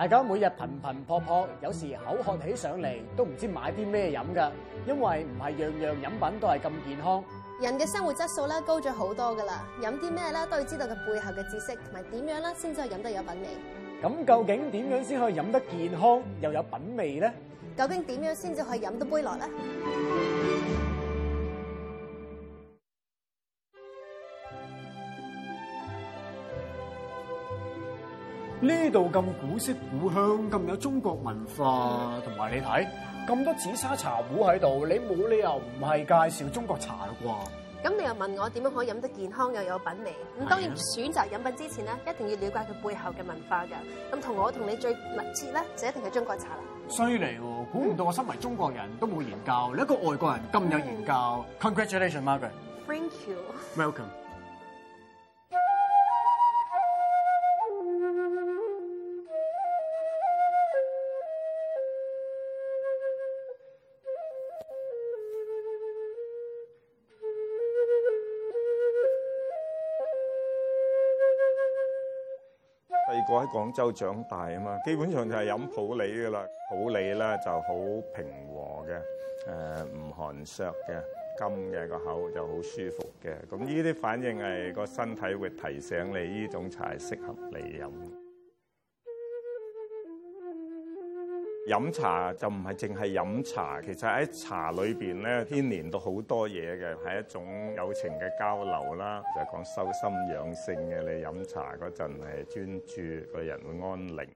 大家每日頻頻撲撲，有時口渴起上嚟都唔知買啲咩飲噶，因為唔係樣樣飲品都係咁健康。人嘅生活質素咧高咗好多噶啦，飲啲咩咧都要知道佢背後嘅知識同埋點樣咧，先至飲得有品味。咁究竟點樣先可以飲得健康又有品味咧？究竟點樣先至可以飲得杯樂咧？呢度咁古色古香，咁有中國文化，同、嗯、埋你睇咁多紫砂茶壺喺度，你冇理由唔係介紹中國茶啦啩？咁你又問我點樣可以飲得健康又有，有品味？咁當然選擇飲品之前咧，一定要了解佢背後嘅文化㗎。咁同我同你最密切咧，就一定係中國茶啦。犀利喎，估唔到我身為中國人都冇研究，你一個外國人咁有研究、嗯。Congratulations, Margaret. Thank you. Welcome. 我喺廣州長大啊嘛，基本上就係飲普洱嘅啦，普洱咧就好平和嘅，誒、呃、唔寒削嘅，甘嘅個口就好舒服嘅，咁呢啲反應係個身體會提醒你呢種茶係適合你飲。飲茶就唔係淨係飲茶，其實喺茶裏邊咧牽連到好多嘢嘅，係一種友情嘅交流啦。就係講修心養性嘅，你飲茶嗰陣係專注，個人會安寧。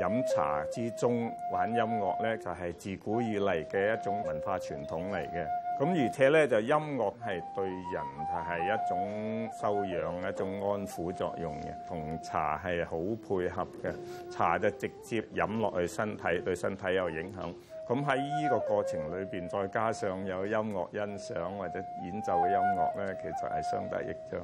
飲茶之中玩音樂咧，就係自古以嚟嘅一種文化傳統嚟嘅。咁而且咧，就音樂係對人係一種修養、一種安撫作用嘅，同茶係好配合嘅。茶就直接飲落去，身體對身體有影響。咁喺依個過程裏邊，再加上有音樂欣賞或者演奏嘅音樂咧，其實係相得益彰。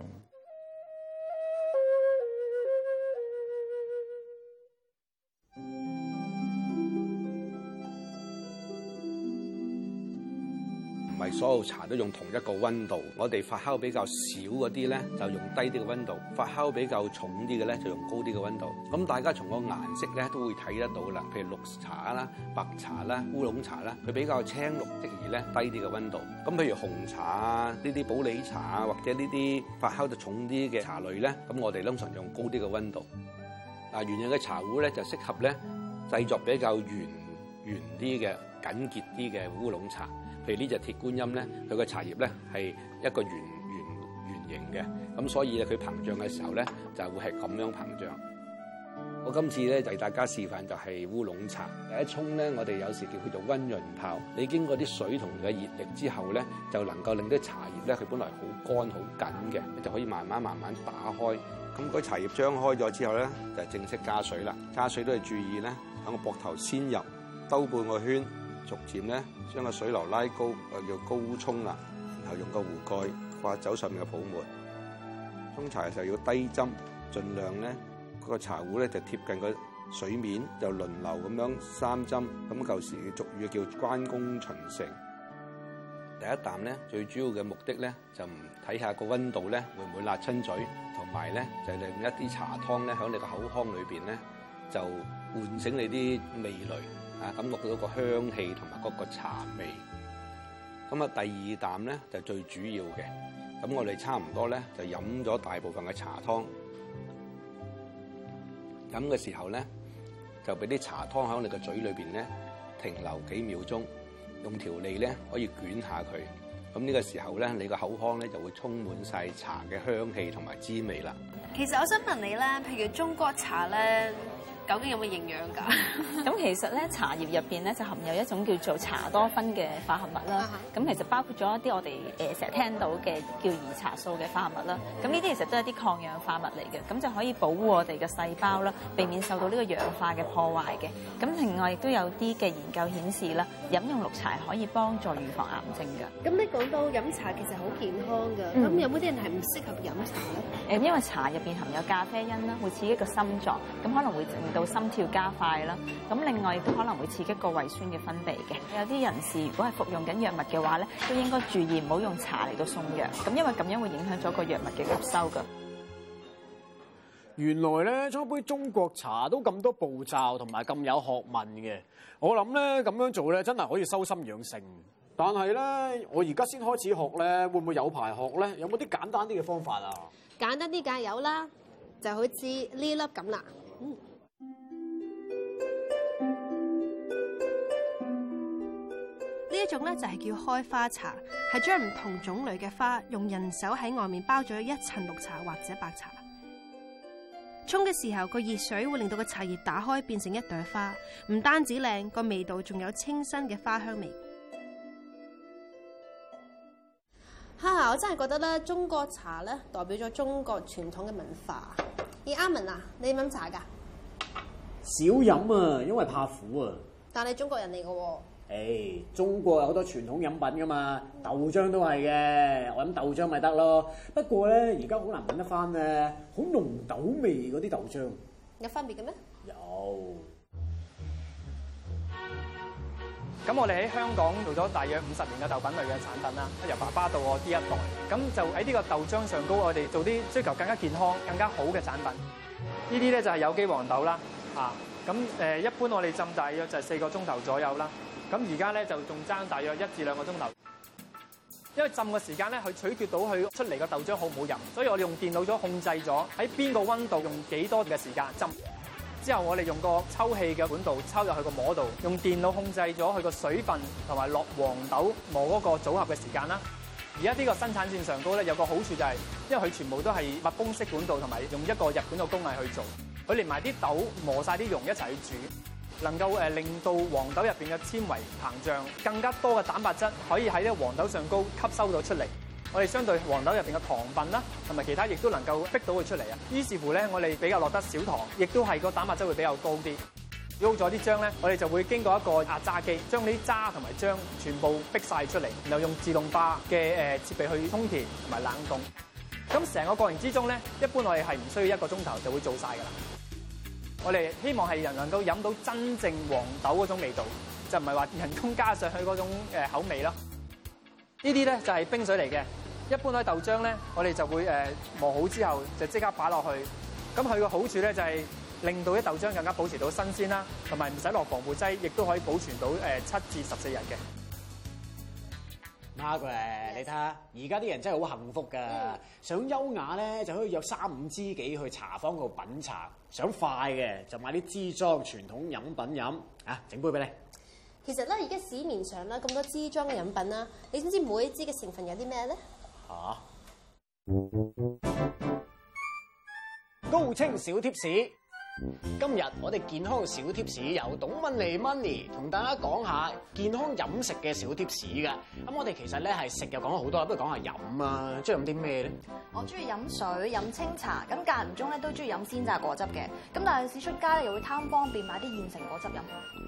唔係所有茶都用同一個温度。我哋發酵比較少嗰啲咧，就用低啲嘅温度；發酵比較重啲嘅咧，就用高啲嘅温度。咁大家從個顏色咧都會睇得到啦。譬如綠茶啦、白茶啦、烏龍茶啦，佢比較青綠啲而咧低啲嘅温度。咁譬如紅茶啊，呢啲普洱茶啊，或者呢啲發酵得重啲嘅茶類咧，咁我哋通常用高啲嘅温度。啊，圓形嘅茶壺咧就適合咧製作比較圓圓啲嘅緊結啲嘅烏龍茶。譬如呢隻鐵觀音咧，佢個茶葉咧係一個圓圓圓形嘅，咁所以咧佢膨脹嘅時候咧就會係咁樣膨脹。我今次咧就大家示範，就係烏龍茶。第一沖咧，我哋有時叫佢做溫潤泡。你經過啲水同嘅熱力之後咧，就能夠令啲茶葉咧佢本來好乾好緊嘅，緊就可以慢慢慢慢打開。咁嗰啲茶葉張開咗之後咧，就正式加水啦。加水都係注意咧，喺個膊頭先入，兜半個圈。逐漸咧，將個水流拉高，誒叫高沖啊，然後用個壺蓋掛走上面嘅泡沫。沖茶嘅時候就要低斟，儘量咧個茶壺咧就貼近個水面，就輪流咁樣三斟。咁舊時嘅俗語叫關公巡城。第一啖咧，最主要嘅目的咧，就睇下個温度咧會唔會辣親嘴，同埋咧就令一啲茶湯咧喺你個口腔裏邊咧就喚醒你啲味蕾。啊咁，感覺到個香氣同埋嗰個茶味。咁啊，第二啖咧就最主要嘅。咁我哋差唔多咧就飲咗大部分嘅茶湯。飲嘅時候咧，就俾啲茶湯喺你嘅嘴裏面咧停留幾秒鐘，用條脷咧可以捲下佢。咁呢個時候咧，你個口腔咧就會充滿晒茶嘅香氣同埋滋味啦。其實我想問你呢，譬如中國茶咧。究竟有冇營養㗎？咁 其實咧，茶葉入邊咧就含有一種叫做茶多酚嘅化合物啦。咁 其實包括咗一啲我哋誒成日聽到嘅叫兒茶素嘅化合物啦。咁呢啲其實都係啲抗氧化物嚟嘅，咁就可以保護我哋嘅細胞啦，避免受到呢個氧化嘅破壞嘅。咁另外亦都有啲嘅研究顯示啦，飲用綠茶可以幫助預防癌症㗎。咁你講到飲茶其實好健康㗎，咁、嗯、有冇啲人係唔適合飲茶咧？誒，因為茶入邊含有咖啡因啦，會刺激個心臟，咁可能會整到心跳加快啦，咁另外亦都可能會刺激個胃酸嘅分泌嘅。有啲人士如果係服用緊藥物嘅話咧，都應該注意唔好用茶嚟到送藥，咁因為咁樣會影響咗個藥物嘅吸收噶。原來咧，沖一杯中國茶都咁多步驟同埋咁有學問嘅。我諗咧，咁樣做咧，真係可以修心養性。但係咧，我而家先開始學咧，會唔會有排學咧？有冇啲簡單啲嘅方法啊？簡單啲梗係有啦，就好似呢粒咁啦，嗯。種咧就係叫開花茶，係將唔同種類嘅花用人手喺外面包咗一層綠茶或者白茶。沖嘅時候個熱水會令到個茶葉打開，變成一朵花。唔單止靚，個味道仲有清新嘅花香味。吓、啊，我真係覺得咧，中國茶咧代表咗中國傳統嘅文化。而阿文啊，你飲茶㗎？少飲啊，因為怕苦啊。但係中國人嚟嘅喎。誒、哎，中國有好多傳統飲品噶嘛，豆漿都係嘅，我飲豆漿咪得咯。不過咧，而家好難揾得翻咧，好濃豆味嗰啲豆漿。有分別嘅咩？有。咁我哋喺香港做咗大約五十年嘅豆品類嘅產品啦，由爸爸到我呢一代，咁就喺呢個豆漿上高，我哋做啲追求更加健康、更加好嘅產品。呢啲咧就係有機黃豆啦，啊，咁誒一般我哋浸大約就係四個鐘頭左右啦。咁而家咧就仲爭大約一至兩個鐘頭，因為浸嘅時間咧，佢取決到佢出嚟嘅豆漿好唔好飲，所以我哋用電腦咗控制咗喺邊個溫度，用幾多嘅時間浸。之後我哋用個抽氣嘅管道抽入去個磨度，用電腦控制咗佢個水分同埋落黃豆磨嗰個組合嘅時間啦。而家呢個生產線上高咧有個好處就係，因為佢全部都係密封式管道同埋用一個日本嘅工藝去做，佢連埋啲豆磨晒啲溶一齊去煮。能夠誒令到黃豆入邊嘅纖維膨脹，更加多嘅蛋白質可以喺啲黃豆上高吸收到出嚟。我哋相對黃豆入邊嘅糖分啦，同埋其他亦都能夠逼到佢出嚟啊。於是乎咧，我哋比較落得少糖，亦都係個蛋白質會比較高啲。攞咗啲漿咧，我哋就會經過一個壓榨機，將啲渣同埋漿全部逼晒出嚟，然後用自動化嘅誒設備去充填同埋冷凍。咁成個過程之中咧，一般我哋係唔需要一個鐘頭就會做晒㗎啦。我哋希望係人能夠飲到真正黃豆嗰種味道，就唔係話人工加上去嗰種誒口味咯。呢啲咧就係冰水嚟嘅。一般喺豆漿咧，我哋就會誒磨好之後就即刻擺落去。咁佢個好處咧就係令到啲豆漿更加保持到新鮮啦，同埋唔使落防腐劑，亦都可以保存到誒七至十四日嘅。過 Yes. 你睇下，而家啲人真係好幸福噶、嗯。想優雅咧，就可以約三五知己去茶坊度品茶；想快嘅，就買啲支裝傳統飲品飲。啊，整杯俾你。其實咧，而家市面上咧咁多支裝嘅飲品啦，你知唔知道每一支嘅成分有啲咩咧？嚇、啊，高清小貼士。今日我哋健康的小貼士由董文妮 Money 同大家講下健康飲食嘅小貼士嘅。咁我哋其實咧係食又講咗好多，不如講下飲啊，中意飲啲咩咧？我中意飲水、飲清茶，咁間唔中咧都中意飲鮮榨果汁嘅。咁但係市出街咧又會貪方便買啲現成果汁飲。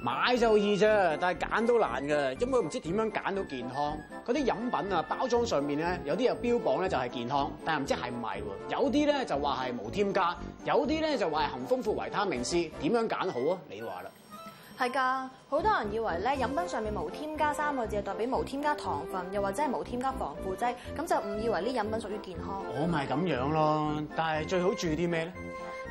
買就易啫，但係揀都難嘅，因為唔知點樣揀到健康。嗰啲飲品啊，包裝上面咧有啲又標榜咧就係健康，但係唔知係唔係。有啲咧就話係無添加，有啲咧就話係含豐富。維他命 C 點樣揀好啊？你話啦，係㗎，好多人以為咧飲品上面無添加三個字係代表無添加糖分，又或者係無添加防腐劑，咁就誤以為呢飲品屬於健康。我咪咁樣咯，但係最好注意啲咩咧？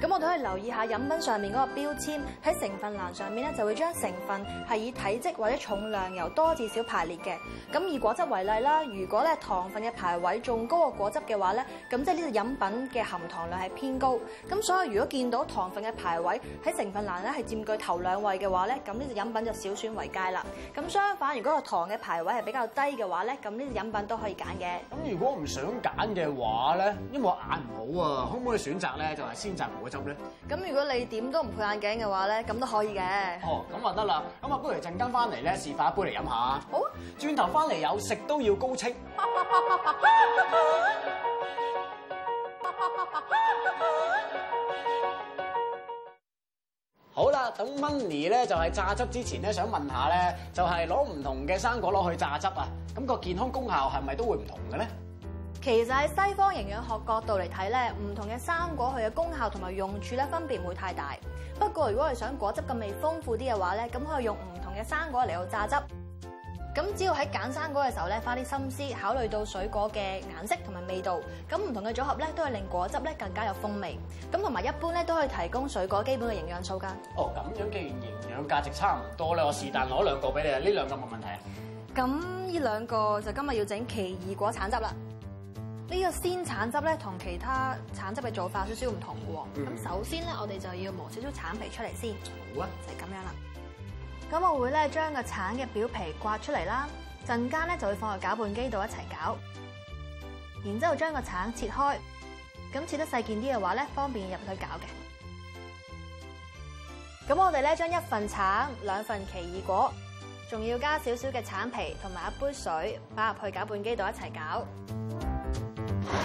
咁我哋可以留意下飲品上面嗰個標籤。喺成分欄上面咧，就會將成分係以體積或者重量由多至少排列嘅。咁以果汁為例啦，如果咧糖分嘅排位仲高過果汁嘅話咧，咁即係呢隻飲品嘅含糖量係偏高。咁所以如果見到糖分嘅排位喺成分欄咧係佔據頭兩位嘅話咧，咁呢隻飲品就少選為佳啦。咁相反，如果個糖嘅排位係比較低嘅話咧，咁呢隻飲品都可以揀嘅。咁如果唔想揀嘅話咧，因為我眼唔好啊，可唔可以選擇咧就係、是、先就咁如果你點都唔配眼鏡嘅話咧，咁都可以嘅。哦，咁啊得啦。咁啊，不如陣間翻嚟咧示範一杯嚟飲下。好、啊，轉頭翻嚟有食都要高清。 好啦，等 Manny 咧就係、是、榨汁之前咧，想問下咧，就係攞唔同嘅生果攞去榨汁啊，咁個健康功效係咪都會唔同嘅咧？其實喺西方營養學角度嚟睇咧，唔同嘅生果佢嘅功效同埋用處咧分別唔會太大。不過如果係想果汁嘅味豐富啲嘅話咧，咁可以用唔同嘅生果嚟到榨汁。咁只要喺揀生果嘅時候咧，花啲心思考慮到水果嘅顏色同埋味道，咁唔同嘅組合咧，都可以令果汁咧更加有風味。咁同埋一般咧都可以提供水果基本嘅營養素噶。哦，咁樣既然營養價值差唔多咧，我是但攞兩個俾你啊，呢兩個冇問題啊。咁呢兩個就今日要整奇異果橙汁啦。呢、這個鮮橙汁咧，同其他橙汁嘅做法有少少唔同嘅喎。咁、嗯、首先咧，我哋就要磨少少橙皮出嚟先。好啊，就係、是、咁樣啦。咁我會咧將個橙嘅表皮刮出嚟啦。陣間咧就會放入攪拌機度一齊攪。然之後將個橙切開，咁切得細件啲嘅話咧，方便入去攪嘅。咁我哋咧將一份橙、兩份奇異果，仲要加少少嘅橙皮同埋一杯水，擺入去攪拌機度一齊攪。嗯，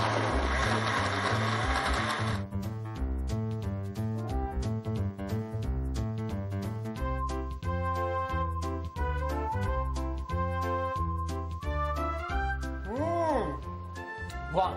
哇，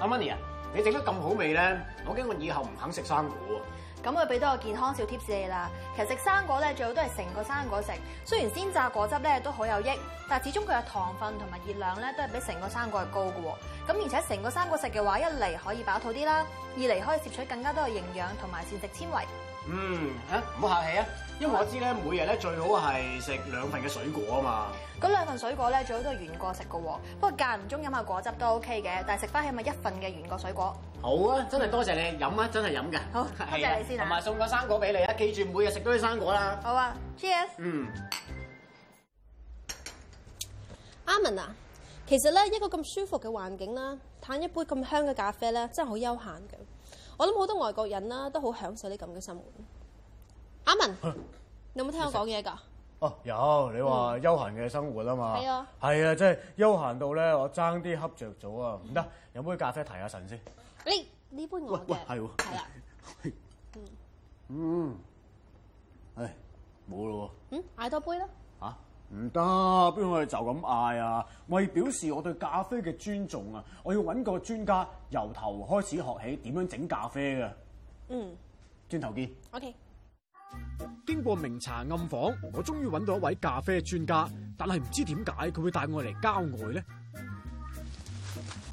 阿媽你啊，你整得咁好味咧，我驚我以後唔肯食生果。咁我俾多個健康小貼士你啦。其實食生果咧，最好都係成個生果食。雖然鮮榨果汁咧都好有益，但係始終佢嘅糖分同埋熱量咧，都係比成個生果係高嘅。咁而且成個生果食嘅話，一嚟可以飽肚啲啦，二嚟可以攝取更加多嘅營養同埋膳食纖維。嗯，吓，唔好客氣啊！因為我知咧，每日咧最好係食兩份嘅水果啊嘛。咁兩份水果咧最好都係原果食嘅喎，不過間唔中飲下果汁都 OK 嘅。但係食翻起碼一份嘅原個水果。好啊，真係、啊啊、多謝你飲啊，真係飲㗎。好，謝謝你先。同埋送個生果俾你啊，記住每日食多啲生果啦。好啊 Cheers 嗯。阿文啊，其實咧一個咁舒服嘅環境啦，嘆一杯咁香嘅咖啡咧，真係好悠閒嘅。我諗好多外國人啦都好享受啲咁嘅生活。阿文，啊、你有冇聽我講嘢噶？哦、啊，有你話休閒嘅生活啊嘛，係、嗯、啊，係啊，即係休閒到咧，我爭啲恰着咗啊，唔得，飲杯咖啡提下神先。你，呢杯我喂，係喎，係啦、啊，嗯嗯，唉，冇咯，嗯，嗌多杯啦，吓、啊，唔得，邊可以就咁嗌啊？為表示我對咖啡嘅尊重啊，我要揾個專家由頭開始學起點樣整咖啡噶。嗯，轉頭見。O K。經過明查暗訪，我終於揾到一位咖啡專家，但係唔知點解佢會帶我嚟郊外咧、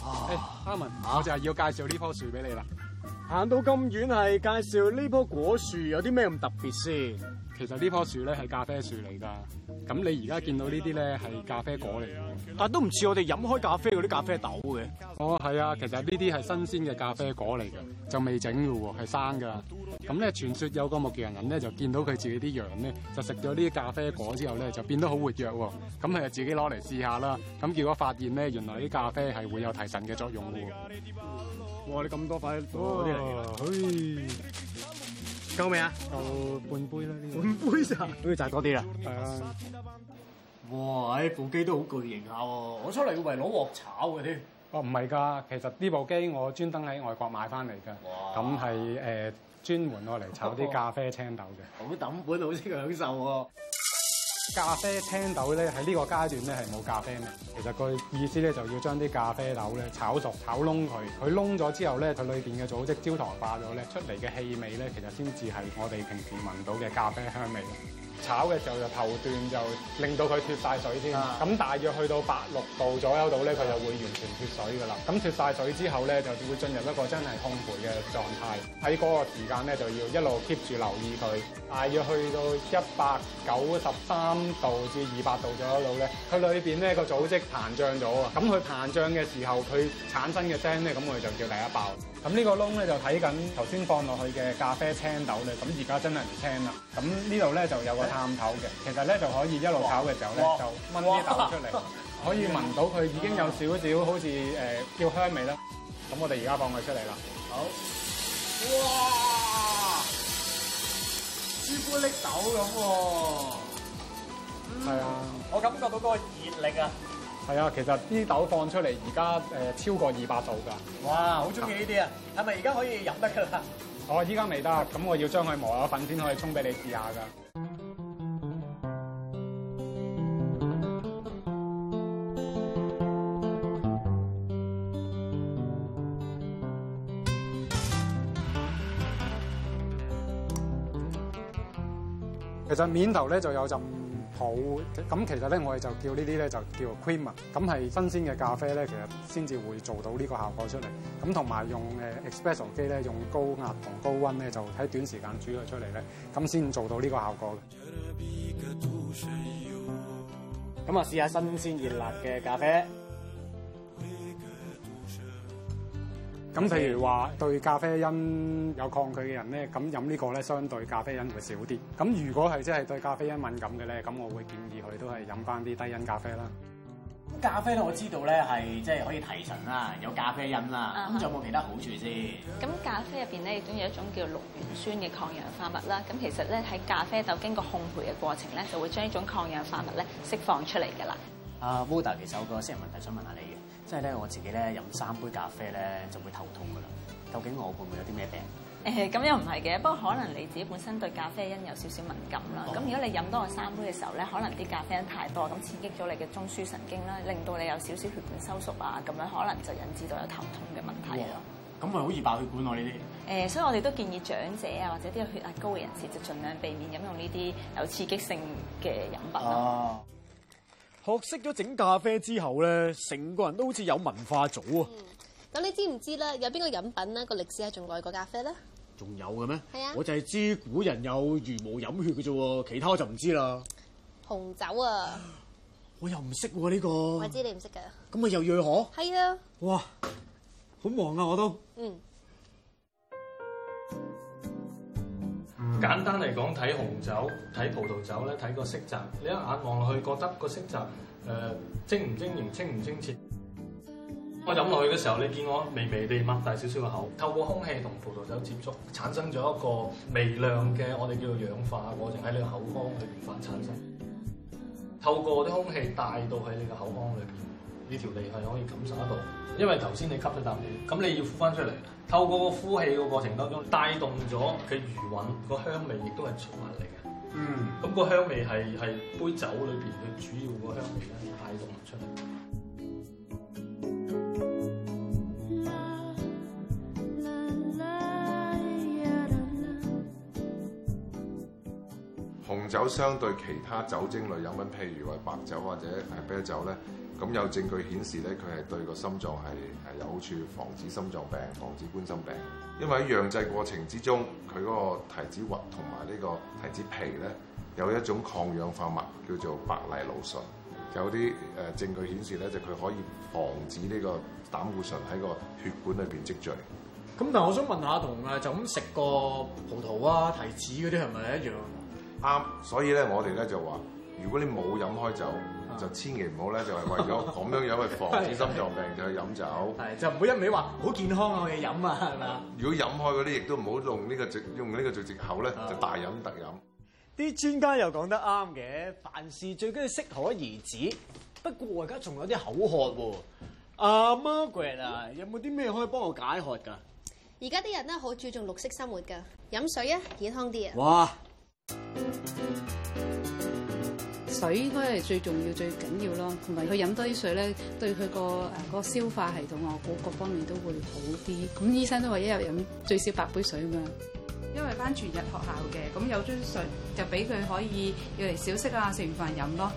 啊 Hey，阿文，啊。我就係要介紹呢棵樹俾你啦。行到咁遠係介紹呢棵果樹有啲咩咁特別先？其實這棵樹呢棵樹咧係咖啡樹嚟噶，咁你而家見到這些呢啲咧係咖啡果嚟，嘅，但都唔似我哋飲開咖啡嗰啲咖啡豆嘅。哦，係啊，其實呢啲係新鮮嘅咖啡果嚟嘅，就未整嘅喎，係生噶。咁咧傳說有個牧羊人咧就見到佢自己啲羊咧就食咗呢啲咖啡果之後咧就變得好活躍，哦，咁佢就自己攞嚟試下啦。咁結果發現咧原來啲咖啡係會有提神嘅作用嘅。哇！你咁多塊多啲嚟嘅，夠未啊？夠半杯啦，半杯咋、啊？好似就多啲啦，係啊！哇！呢部機都好巨型下喎，我出嚟以為攞鑊炒嘅添。哦、啊，唔係㗎，其實呢部機我專登喺外國買翻嚟㗎，咁係誒專門攞嚟炒啲咖啡青豆嘅。好抌本，好識享受喎、啊！咖啡青豆咧喺呢個階段咧係冇咖啡嘅，其實個意思咧就要將啲咖啡豆咧炒熟、炒燶佢，佢燶咗之後咧，佢裏邊嘅組織焦糖化咗咧，出嚟嘅氣味咧，其實先至係我哋平時聞到嘅咖啡香味。炒嘅時候就頭段就令到佢脫晒水先，咁、嗯、大約去到八六度左右度咧，佢就會完全脫水噶啦。咁脫晒水之後咧，就會進入一個真係烘焙嘅狀態。喺嗰個時間咧，就要一路 keep 住留意佢。大約去到一百九十三度至二百度左右度咧，佢裏面咧個組織膨脹咗啊！咁佢膨脹嘅時候，佢產生嘅聲咧，咁我哋就叫第一爆。咁呢個窿咧就睇緊頭先放落去嘅咖啡青豆咧，咁而家真係唔青啦。咁呢度咧就有個。探頭嘅，其實咧就可以一路炒嘅時候咧，就燜啲豆出嚟，可以聞到佢已經有少少好似、呃、叫香味啦。咁我哋而家放佢出嚟啦。好，哇，朱古力豆咁喎、啊。係、嗯、啊。我感覺到嗰個熱力啊。係啊，其實啲豆放出嚟而家誒超過二百度㗎。哇，嗯、好中意呢啲啊！係咪而家可以飲得㗎啦？我依家未得，咁我要將佢磨下粉先可以沖俾你試下㗎。其實面頭咧就有陣好。咁其實咧我哋就叫呢啲咧就叫 cream，咁係新鮮嘅咖啡咧，其實先至會做到呢個效果出嚟，咁同埋用誒 expresso 機咧，用高壓同高溫咧，就喺短時間煮咗出嚟咧，咁先做到呢個效果嘅。咁啊，試下新鮮熱辣嘅咖啡。咁譬如話對咖啡因有抗拒嘅人咧，咁飲呢個咧相對咖啡因會少啲。咁如果係即係對咖啡因敏感嘅咧，咁我會建議佢都係飲翻啲低因咖啡啦。咁咖啡咧，我知道咧係即係可以提神啦，有咖啡因啦。咁、啊、仲有冇其他好處先？咁咖啡入邊咧亦都有一種叫綠原酸嘅抗氧化物啦。咁其實咧喺咖啡豆經過烘焙嘅過程咧，就會將呢種抗氧化物咧釋放出嚟㗎啦。阿、uh, Vuda 其實我有個私人問題想問下你。即係咧，我自己咧飲三杯咖啡咧就會頭痛噶啦。究竟我會唔會有啲咩病？誒，咁又唔係嘅，不過可能你自己本身對咖啡因有少少敏感啦。咁如果你飲多過三杯嘅時候咧，可能啲咖啡因太多，咁刺激咗你嘅中樞神經啦，令到你有少少血管收縮啊，咁樣可能就引致到有頭痛嘅問題咯。咁咪好易爆血管咯呢啲。誒，所以我哋都建議長者啊，或者啲血壓高嘅人士就盡量避免飲用呢啲有刺激性嘅飲品啦、哦。學識咗整咖啡之後咧，成個人都好似有文化咗啊！咁、嗯、你知唔知咧？有邊個飲品咧個歷史係仲耐過咖啡咧？仲有嘅咩？係啊！我就係知古人有茹毛飲血嘅啫喎，其他我就唔知啦。紅酒啊！我又唔識呢個。我知你唔識嘅。咁啊，又瑞可。係啊！哇，好忙啊！我都。嗯。簡單嚟講，睇紅酒、睇葡萄酒咧，睇個色澤。你一眼望落去，覺得個色澤誒晶唔晶瑩、清唔清澈。我飲落去嘅時候，你見我微微地擘大少少個口，透過空氣同葡萄酒接觸，產生咗一個微量嘅我哋叫做氧化過程。喺你個口腔裏邊發產生，透過啲空氣帶到喺你個口腔裏邊。呢條脷係可以感受得到，因為頭先你吸咗啖氣，咁你要呼翻出嚟，透過個呼氣嘅過程當中帶了，帶動咗佢餘韻個香味，亦都係循環嚟嘅。嗯，咁個香味係係杯酒裏邊嘅主要個香味咧，帶動出嚟。酒相對其他酒精類飲品，譬如話白酒或者誒啤酒咧，咁有證據顯示咧，佢係對個心臟係係有好處，防止心臟病、防止冠心病。因為喺釀製過程之中，佢嗰個提子核同埋呢個提子皮咧，有一種抗氧化物叫做白藜蘆醇。有啲誒證據顯示咧，就佢可以防止呢個膽固醇喺個血管裏邊積聚。咁但係我想問下，同誒就咁食個葡萄啊、提子嗰啲係咪一樣？啱，所以咧，我哋咧就話：如果你冇飲開酒，就千祈唔好咧，就係為咗咁樣樣去防止心臟病，就 去飲酒，係即唔好一味話好健康啊，我哋飲啊，係咪啊？如果飲開嗰啲，亦都唔好用呢、這個直用呢個做藉口咧，就大飲特飲。啲專家又講得啱嘅，凡事最緊要適可而止。不過我而家仲有啲口渴喎，阿、uh, Margaret 啊，有冇啲咩可以幫我解渴㗎？而家啲人咧好注重綠色生活㗎，飲水啊，健康啲啊！哇！水應該係最重要、最緊要咯，同埋佢飲多啲水咧，對佢個誒個消化系統啊，各方面都會好啲。咁醫生都話一日飲最少八杯水啊嘛。因為班全日學校嘅，咁有樽水就俾佢可以要嚟小息啊，食完飯飲咯。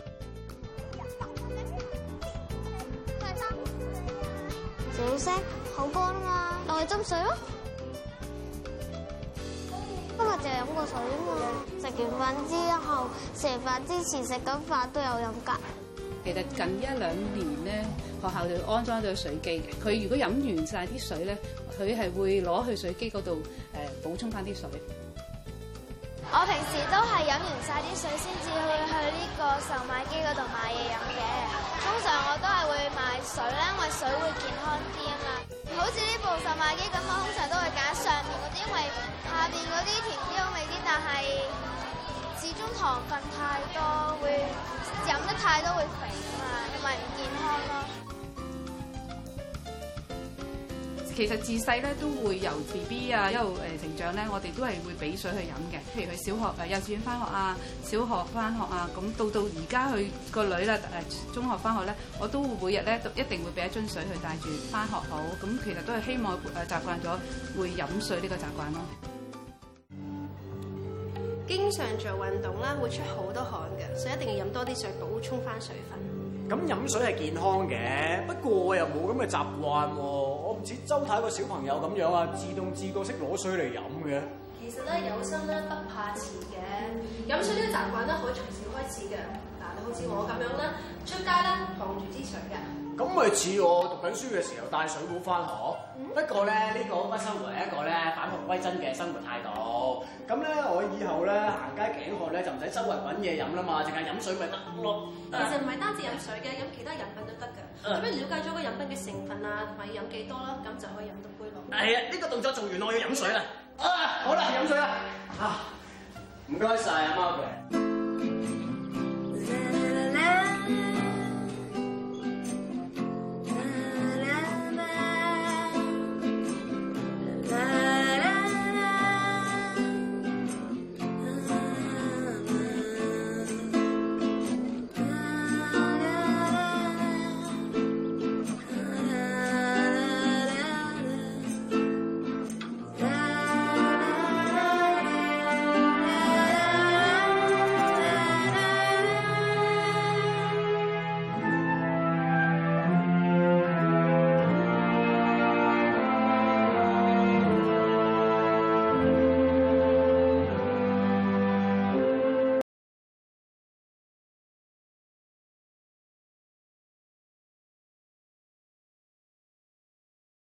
小聲，好乾啊！落去斟水咯。今日就飲個水啊嘛，食完飯之後，食飯之前食緊飯都有飲噶。其實近一兩年咧，學校就安裝咗水機嘅。佢如果飲完晒啲水咧，佢係會攞去水機嗰度誒補充翻啲水。我平時都係飲完晒啲水先至去去呢個售賣機嗰度買嘢飲嘅。通常我都係會買水啦，因為水會健康啲啊嘛。好似呢部售賣機咁，我通常都會揀上面啲，因為下邊啲甜啲好味啲，但係始終糖分太多，會飲得太多會肥啊嘛，又咪唔健康咯。其實自細咧都會由 B B 啊一路誒成長咧，我哋都係會俾水去飲嘅。譬如佢小學誒幼稚園翻學啊，小學翻學啊，咁到到而家佢個女啦誒中學翻學咧，我都會每日咧都一定會俾一樽水去帶住翻學好。咁其實都係希望誒習慣咗會飲水呢個習慣咯。經常做運動啦，會出好多汗嘅，所以一定要飲多啲水補充翻水分。咁飲水係健康嘅，不過我又冇咁嘅習慣喎。似周太個小朋友咁樣啊，自動自覺識攞水嚟飲嘅。其實咧，有心咧不怕遲嘅，飲水呢習慣咧可以隨時開始嘅。嗱，你好似我咁樣啦，出街啦放住支水嘅。咁咪似我讀緊書嘅時候帶水壺翻學，嗯，不過咧呢、呢個乜生活係一個咧反璞歸真嘅生活態度，咁咧我以後咧行街頸渴咧就唔使周圍揾嘢飲啦嘛，淨係飲水咪得咯。其實唔係單止飲水嘅，飲其他飲品都得㗎。咁你瞭解咗個飲品嘅成分啊，同埋飲幾多啦，咁就可以飲到杯樂。係、哎、啊，呢、呢個動作做完我要飲水啦。啊，好啦，飲水啦。啊，唔該晒，阿媽咪。